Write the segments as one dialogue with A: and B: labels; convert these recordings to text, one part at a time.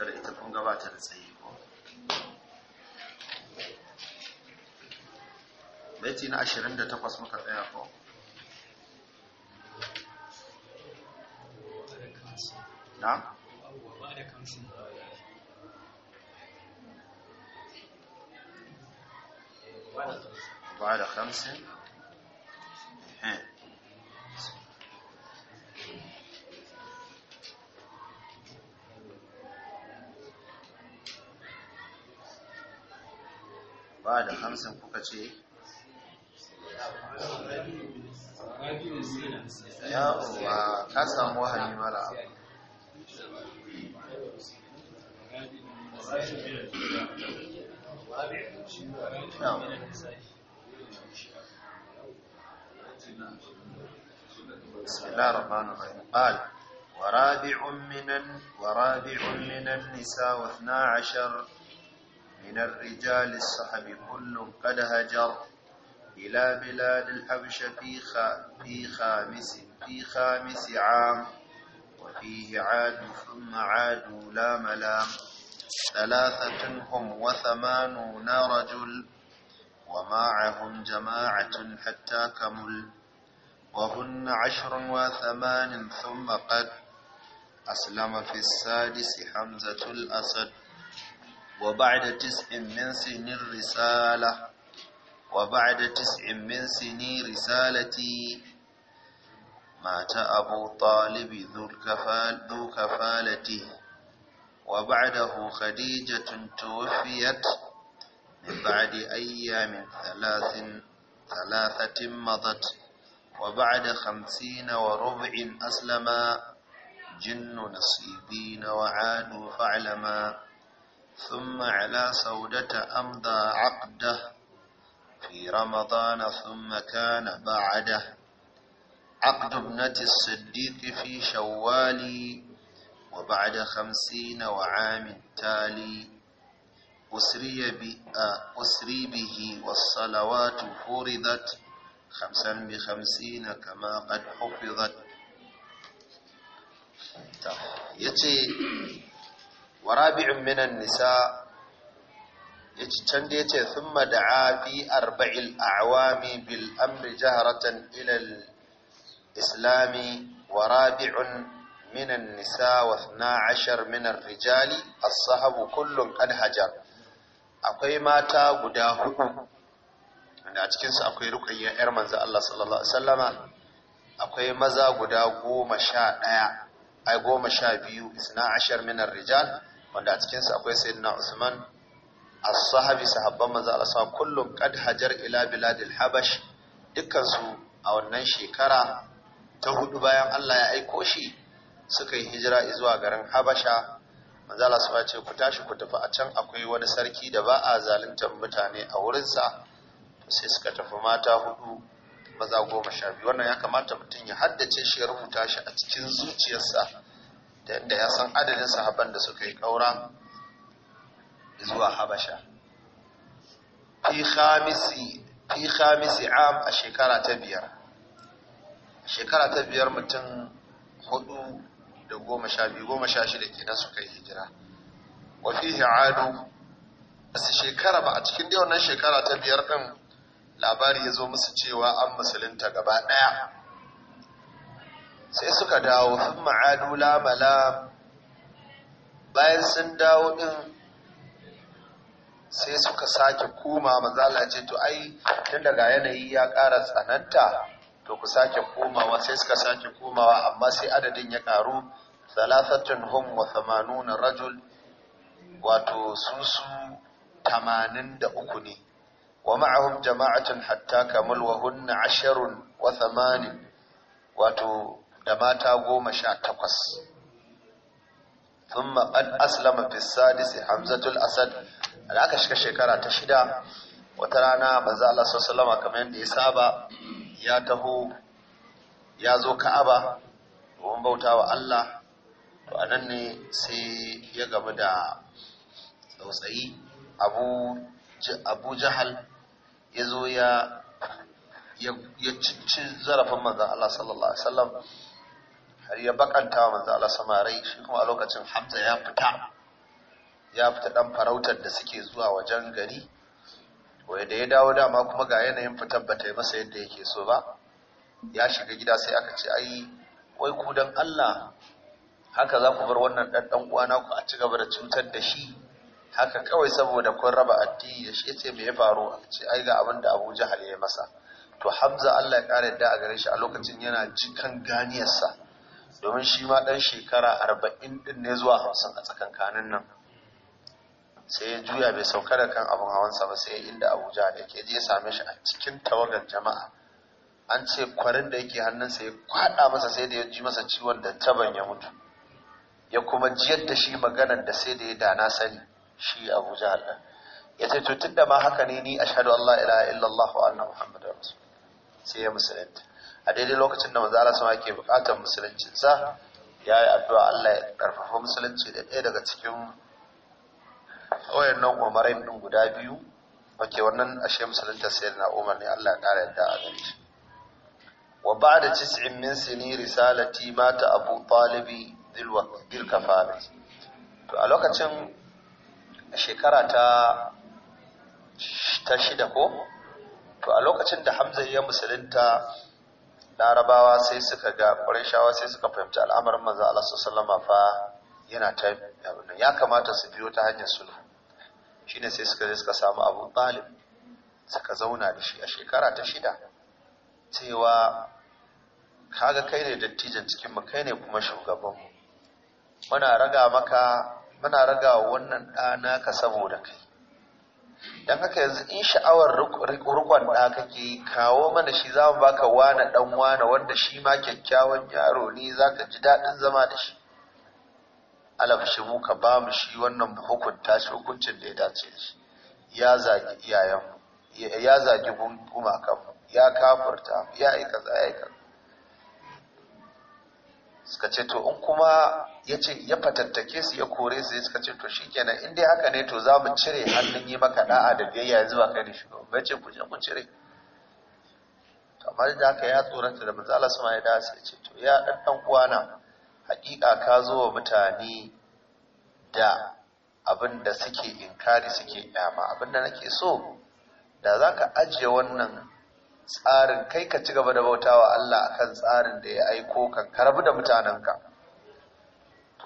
A: ita da ita kun gabata da tsayi ko baiti na 28 muka tsaya ko na? بعد خمس بعد da hamsin kuka ce yawwa ka samu wahani mara abu بسم الله الرحمن الرحيم قال ورابع من ورابع من النساء واثنا عشر من الرجال الصحب كل قد هجر إلى بلاد الحبش في في خامس في خامس عام وفيه عاد ثم عادوا لا ملام ثلاثة هم وثمانون رجل ومعهم جماعة حتى كمل وهن عشر وثمان ثم قد أسلم في السادس حمزة الأسد وبعد تسع من سن الرسالة وبعد تسع من سني رسالتي مات أبو طالب ذو الكفال ذو كفالتي وبعده خديجة توفيت من بعد أيام ثلاث ثلاثة مضت وبعد خمسين وربع أسلما جن نصيبين وعادوا فعلما ثم على سودة أمضى عقده في رمضان ثم كان بعده عقد ابنة الصديق في شوال وبعد خمسين وعام التالي أسري, آه، أسري به والصلوات فرضت خمسا بخمسين كما قد حفظت يتي طيب، wa rabi'un minan nisa yace can da yace thumma da'a fi arba'il a'wami bil amri jaharatan ila islami wa rabi'un من النساء واثنا عشر من الرجال الصحب كل قد هجر akwai mata guda hudu da a akwai rukayya yar manzo Allah sallallahu alaihi akwai maza guda goma sha ɗaya ai goma sha biyu isna rijal wanda a sa akwai sayyidina Usman as-sahabi sahabban manzo Allah sa kullum qad hajar ila biladil habash dukkan su a wannan shekara ta hudu bayan Allah ya aiko shi suka yi hijira zuwa garin Habasha manzo Allah sa ce ku tashi ku tafi a can akwai wani sarki da ba a zaluntar mutane a wurinsa sai suka tafi mata hudu maza goma sha biyu wannan ya kamata mutum ya haddace shi ya rubuta shi a cikin zuciyarsa yadda ya san adadin sahaban da suka yi ƙaura zuwa habasha fi khamisi am a shekara ta biyar A shekara ta biyar mutum hudu da goma sha biyu goma sha shida kenan suka yi hijira wa fihi adu su shekara ba a cikin dai wannan shekara ta biyar ɗin labari ya zo musu cewa an musulunta gaba ɗaya sai suka dawo sun ma'adu lamala bayan sun dawo ɗin sai suka sake koma mazala ce to ai tun daga yanayi ya ƙara tsananta to ku sake komawa sai suka sake komawa amma sai adadin ya ƙaru salafatun hum wa thamanuna rajul wato su su tamanin da uku ne wa ma'ahum jama'atun hatta kamul wa hunna ashirin wa samanin wato da mata goma sha takwas sun qad aslama fi hamzatul asad da aka shiga shekara ta shida wata rana manzo Allah sallallahu salama kamar yadda ya saba ya taho ya zo Ka'aba domin wa Allah to a nan ne sai ya gamu da tsautsayi Abu Jahal ya zo ya ya ci zarafin maza Allah sallallahu alaihi wasallam har ya bakanta wa manzo Allah samarai shi kuma a lokacin Hamza ya fita ya fita dan farautar da suke zuwa wajen gari wai da ya dawo dama kuma ga yanayin fitar ta yi masa yadda yake so ba ya shiga gida sai aka ce ai wai ku dan Allah haka za ku bar wannan dan dan uwana ku a ci gaba da cutar da shi haka kawai saboda kun raba addini da shi yace me ya faru aka ce ai ga abin da Abu Jahal ya masa to Hamza Allah ya kare da a gare shi a lokacin yana cikan ganiyarsa domin shi ma ɗan shekara arba'in ɗin ne zuwa hamsin a tsakankanin nan sai ya juya bai sauka da kan abin hawansa ba sai inda abuja da ke je same shi a cikin tawagar jama'a an ce kwarin da yake hannun hannunsa ya kwaɗa masa sai da ya ji masa ciwon da taban ya mutu ya kuma jiyar da shi maganar da sai da ya dana sani shi abuja ɗin ya ce tutun da ma haka ne ni a shaɗu Allah ila illallah wa Muhammadu sai ya musulunta a daidai lokacin da manzo sama ke bukatar musuluncinsa, ya yi addu'a Allah ya karfafa musulunci da ɗaya daga cikin wayannan umarai din guda biyu wake wannan ashe musulunta na Umar ne Allah ya ƙara yadda a gari shi wa ba'da tis'in min sini risalati mata Abu Talib dil kafabi to a lokacin shekara ta ta shida ko to a lokacin da Hamza ya musulunta larabawa sai suka ga ƙwarishawa sai suka fahimci al'amarin manzo Allah sallama fa yana ta ya kamata su biyo ta hanyar sulhu shine sai suka je suka samu Abu Talib suka zauna da shi a shekara ta shida cewa kaga kai ne dattijan cikin mu kai ne kuma shugaban mu muna raga maka muna raga wannan ɗana ka saboda kai dan haka yanzu in sha'awar rukun da kake kawo mana shi za mu baka wane dan wane wanda shi ma kyakkyawan yaro ne za ka ji daɗin zama da shi shi mu ka ba mu shi wannan hukunta shi hukuncin da ya dace shi ya zagi iyayenmu ya zagi gumakanmu ya kafurta ya aika za ya yi suka ce to in kuma ya ce ya fatattake su ya kore su suka ce to shikenan in dai haka ne to za mu cire hannun yi maka da'a da biyayya yanzu ba kai da shi ba ce ku je ku cire kamar da haka ya tsorata da manzo Allah sama ya da sai ce to ya dan dan uwana hakika ka zo wa mutane da abin da suke inkari suke yama abin da nake so da zaka ajiye wannan tsarin kai ka ci gaba da bautawa Allah akan tsarin da ya aiko ka karabu da mutanenka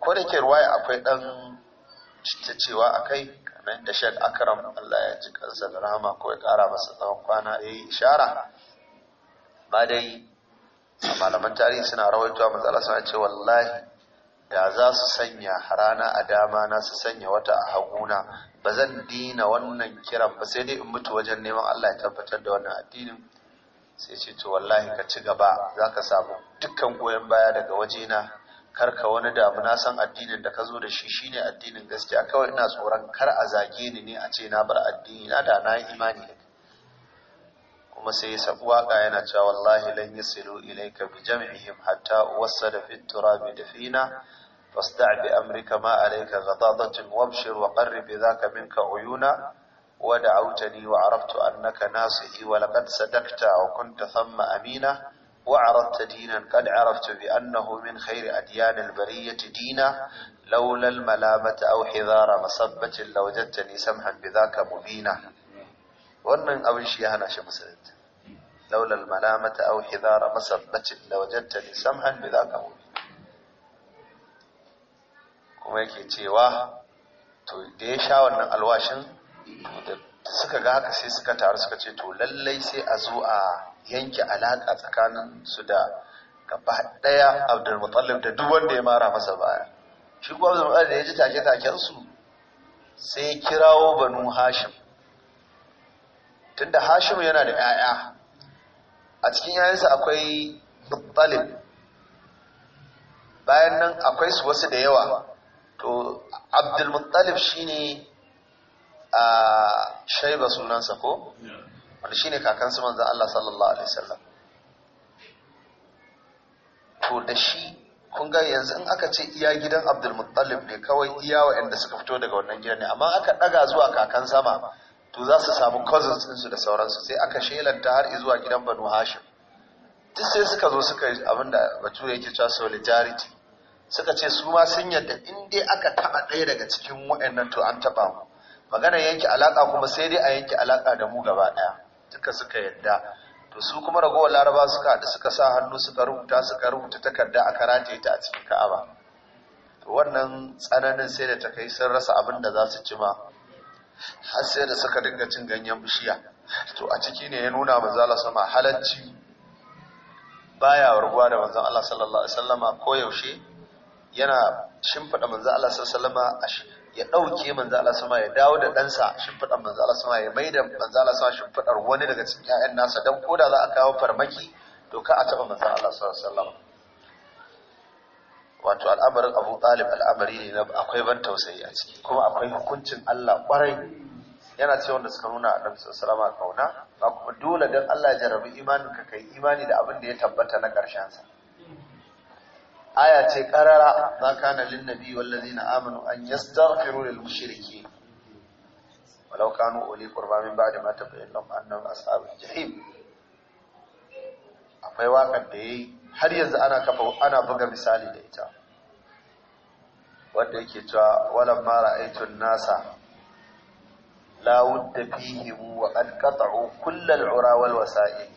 A: ko da ke ruwaya akwai dan cewa akai kamar da shek Akram Allah ya ji kansa da rahama ko ya kara masa tsawon kwana yi ishara ba dai malaman tarihi suna a matsala suna ce wallahi da za su sanya rana a dama na su sanya wata a haguna ba zan dina wannan kiran ba sai dai in mutu wajen neman Allah ya tabbatar da wannan addinin sai ce to wallahi ka ci gaba za ka samu dukkan goyon baya daga wajena kar ka wani damu na san addinin da ka zo da shi shi ne addinin gaskiya kawai ina tsoron kar a zage ni ne a ce na bar addini na da na yi imani ne kuma sai ya sabu waka yana cewa wallahi lan yasilu ilayka bi jam'ihim hatta wasada fi turabi Fina fasda' bi amrika ma alayka ghadadatin wabshir wa qarrib dhaka minka uyuna ودعوتني وعرفت أنك ناصحي ولقد صدقت أو كنت ثم أمينة وعرضت دينا قد عرفت بأنه من خير أديان البرية دينا لولا الملامة أو حذار مصبة لوجدتني سمحا بذاك مبينا ومن أول شيء أنا شمسرد لولا الملامة أو حذار مصبة لوجدتني سمحا بذاك مبينا كما يكي تيواه تو ديشا ونن ألواشن suka ga haka sai suka taru suka ce to lallai sai a zo a yanke alaƙa tsakanin su da gaba ɗaya abdulmutallib da duk wanda ya mara masa baya shi kuma da ya ji take-taken su sai kirawo banu hashim tunda hashim yana da 'ya'ya a cikin 'ya'yansa akwai muttalib bayan nan akwai su wasu da yawa to abdulmuttalib shine a shaiba sunansa ko wanda shine kakansu manzan Allah sallallahu alaihi wasallam to da shi kun ga yanzu in aka ce iya gidan Abdul ne kawai iya waɗanda suka fito daga wannan gidan ne amma aka daga zuwa kakan sama to za su samu cousins ɗinsu da sauransu sai aka shelanta har zuwa gidan Banu Hashim duk sai suka zo suka yi abinda bature yake cewa solidarity suka ce su ma sun yadda in dai aka taɓa ɗaya daga cikin waɗannan to an taɓa mu magana yanke alaka kuma sai dai a yanke alaka da mu gaba daya duka suka yadda to su kuma ragowar laraba suka haɗu suka sa hannu suka rubuta suka rubuta takarda a rataye ta a cikin ka'aba to wannan tsananin sai da ta kai sun rasa abin da za su cima. ma har sai da suka dinga cin ganyen bishiya to a ciki ne ya nuna manzo Allah sama halacci baya warguwa da manzo Allah sallallahu alaihi wasallama ko yana shimfida manzo Allah sallallahu alaihi wasallama ya ɗauke manzo Allah sama ya dawo da ɗansa shimfiɗar manzo Allah sama ya mai manzo Allah sama shimfiɗar wani daga cikin ƴaƴan nasa dan koda za a kawo farmaki to ka a taɓa manzo Allah sallallahu alaihi wato al'amarin Abu Talib al'amari ne na akwai ban tausayi a ciki kuma akwai hukuncin Allah ƙwarai, yana ce wanda suka nuna a sallallahu salama kauna ba kuma dole don Allah ya jarabi imanin ka kai imani da abin da ya tabbata na ƙarshen sa aya ce karara za ka na lin nabi wallazi na amanu an yastaghfiru da mushriki walau kanu uli qurba min mata bayan tabayyana lahum a sabon jahim akwai wakar da yayi har yanzu ana kafa ana buga misali da ita wanda yake cewa walan mara aikin nasa nasa da wudda fihim wa an qata'u kull al wasa'i.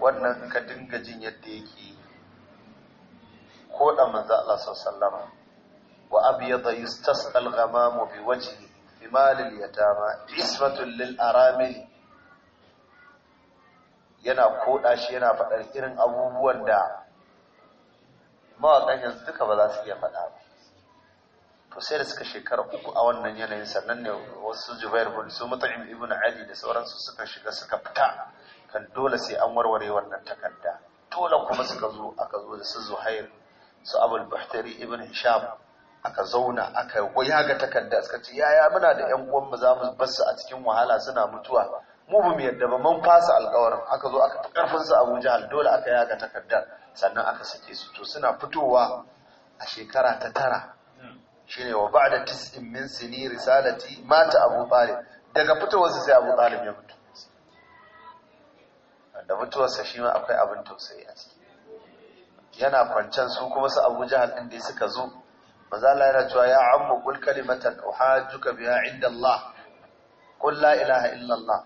A: wannan ka dinga jin yadda yake ko dan manzo Allah sallallahu alaihi wa abyada yustasqal ghamamu bi wajhi bi mal al yatama ismatun lil aramil yana koda shi yana fadar irin abubuwan da mawaƙan yanzu duka ba za su iya faɗa ba to sai da suka shekara uku a wannan yanayin sannan ne wasu jubair bin su mut'im ibn ali da sauransu suka shiga suka fita kan dole sai an warware wannan takarda dole kuma suka zo aka zo da su zuhair su abul bahtari ibn hisham aka zauna aka yaga takarda suka ce yaya muna da yan uwan za mu bar su a cikin wahala suna mutuwa mu bamu yadda ba mun fasa alƙawarin aka zo aka fi karfin su Abu Jahal dole aka yaga takardar sannan aka sake su to suna fitowa a shekara ta tara shine wa ba'da tis'in min sini risalati mata Abu Talib daga fitowarsa sai Abu Talib ya mutu da mutuwarsa shi ma akwai abin tausayi a ciki yana kwancen su kuma su abu jahal ɗin da suka zo mazala yana cewa ya ammu kul kalimatan uhajjuka biha inda Allah kul la ilaha illa Allah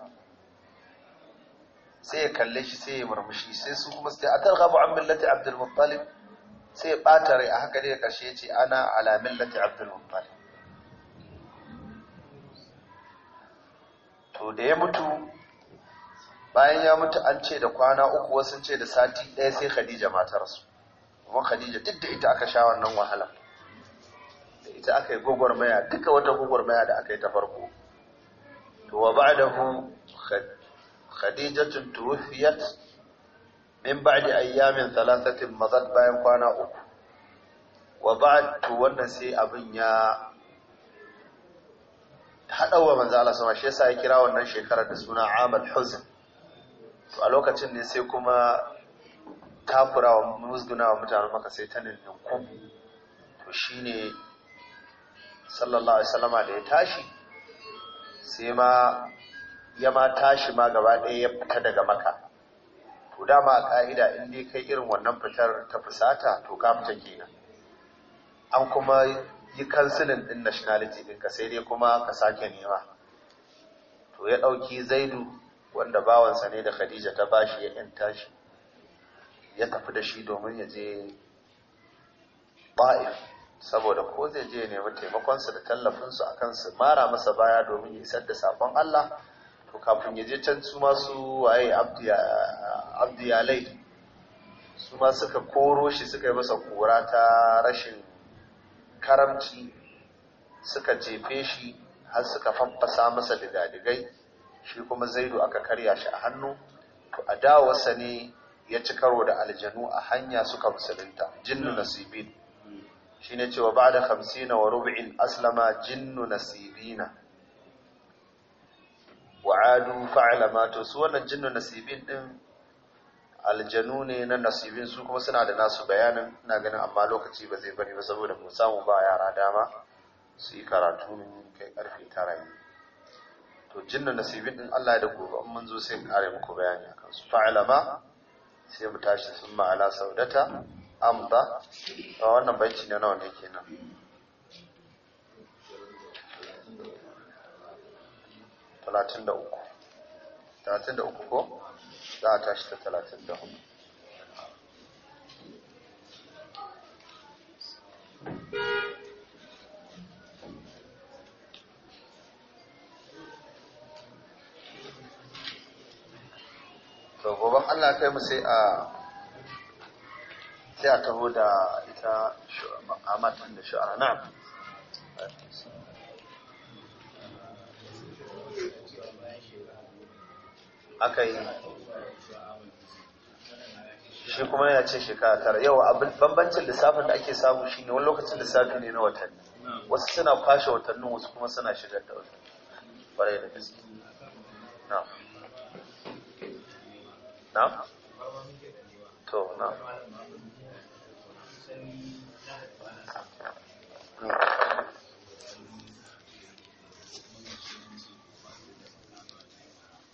A: sai ya kalle shi sai ya murmushi sai su kuma sai atarghabu an millati Abdul Muttalib sai ya bata rai a haka dai karshe ya ce ana ala millati Abdul Muttalib to da ya mutu bayan ya mutu an ce da kwana uku wasu ce da sati ɗaya sai Khadija matarsu kuma khadija duk da ita aka sha wannan wahala da ita aka yi gwagwarmaya duka wata gwagwarmaya da aka yi ta farko to wa ba'dahu khadijatun tuwfiyat min ba'di ayyamin thalathatin mazat bayan kwana uku wa ba'd to wannan sai abin ya haɗawa manzo Allah sama shi yasa ya kira wannan shekarar da suna amal huzn to a lokacin ne sai kuma kafurawa wa mutanen maka sai ta ninninku to ne sallallahu alaihi da ya tashi sai ma ya ma tashi ma gaba ɗaya ya fita daga maka to dama ka'ida in ya kai irin wannan fitar ta fusata to ka fita kenan an kuma yi kansilin din nationality ɗinka sai dai kuma ka sake nema to ya ɗauki zaidu wanda bawansa ne da khadija ta bashi ya 'yan tashi ya tafi da shi domin ya je ba'if saboda ko zai je nemi taimakonsu da tallafinsu a kansu mara masa baya domin ya isar da sabon Allah to kafin ya je can su masu waye abdiyalai su ma suka koro shi suka yi masa kura ta rashin karamci suka jefe shi har suka fafasa masa digadigai shi kuma zaidu aka karya shi a hannu to a dawarsa ne ya ci karo da aljanu a hanya suka musulunta jinnu nasibin Shi ne cewa ba da 50 wa rub'in aslama jinnu nasibina wa adu fa'ala mato su wannan jinnu nasibin din aljanu ne na nasibin su kuma suna da nasu bayanin na ganin amma lokaci ba zai bari ba saboda mu samu ba yara dama su yi karatu kai karfe tara ne to jinnu nasibin din Allah ya da gobe mun zo sai kare muku bayani akan su fa'ala ma sai mu tashi sun ma'ala saudata Amba. a wannan banci ne nawa ne kenan talatin da uku talatin da uku ko za a tashi ta talatin da hudu goban Allah kai mu sai a sai a taho da ita amatan da shu'ara na aka yi shi kuma yana ce shekara tara yau bambancin lissafin da ake samu shi ne wani lokacin lissafi ne na watanni wasu suna kwashe watannin wasu kuma suna shigar da watanni ƙwarai da gaske na na? to na